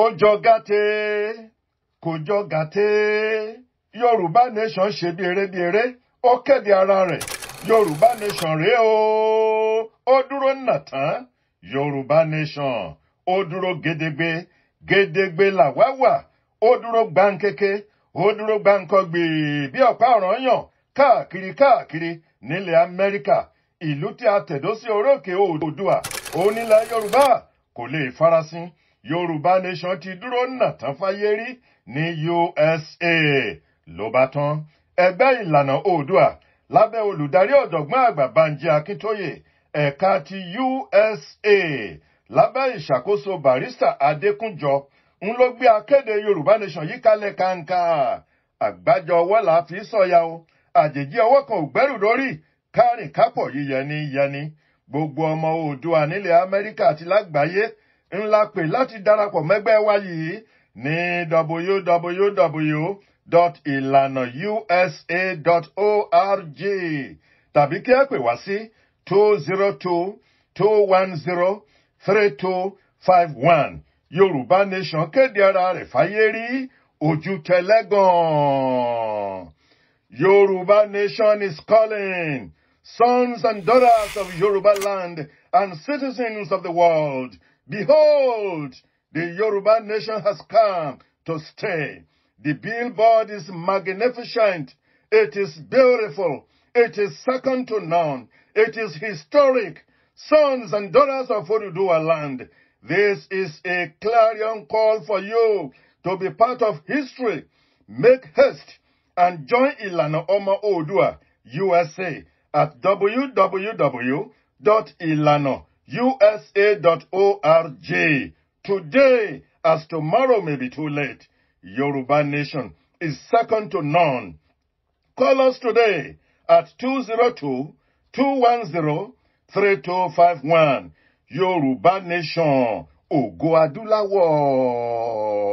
ó jọ gàtẹ́ kò Yoruba nation ṣe bí eré bi eré o kéde ara rẹ̀ Yoruba nation rèé o ó dúró nàtán Yoruba nation ó dúró gédégbé gédégbé làwa wà ó dúró gbáǹkéké ó dúró gbáǹkọ́gbì bí ọ̀pá ọ̀ràn yàn káàkiri káàkiri nílẹ̀ amẹ́ríkà ìlú tí a tẹ̀dó sí orókè oòdùà onílẹ̀ yorùbá kò lè farasin yorùbá nation ti dúró nàtán fáyé rí ní usa ló bá tán ẹgbẹ́ ìlànà oòdùà lábẹ́ olùdarí ọ̀jọ̀gbọ́n àgbà banji akintoye ẹ̀ka ti usa lábẹ́ ìṣàkóso barista adékúnjọ ń ló gbé akéde yorùbá nation yìí kalẹ̀ kàǹkà àgbájọ ọwọ́ fi sọ̀yà o àjèjì ọwọ́ kan ò gbẹ́rù lórí kárìn kápọ̀ yìí yẹni yẹni gbogbo ọmọ oòdùà nílẹ̀ amẹ́ríkà àti lágbàáyé ńlá pè láti darapọ̀ mẹ́gbẹ́ wa yìí ní www.ilanausa.org tàbí kí ẹ pè wá sí two zero two two one zero three two five one yorùbá nation kéde ara rẹ̀ fáyé rí ojú tẹlẹ́gàn. Yoruba nation is calling, sons and daughters of Yoruba land and citizens of the world. Behold, the Yoruba nation has come to stay. The billboard is magnificent. It is beautiful. It is second to none. It is historic. Sons and daughters of Oduduwa land, this is a clarion call for you to be part of history. Make haste and join Ilana Oma Odua USA at www.ilano.com usa.org. Today, as tomorrow may be too late, Yoruba Nation is second to none. Call us today at 202-210-3251. Yoruba Nation, Ogo Adulawo.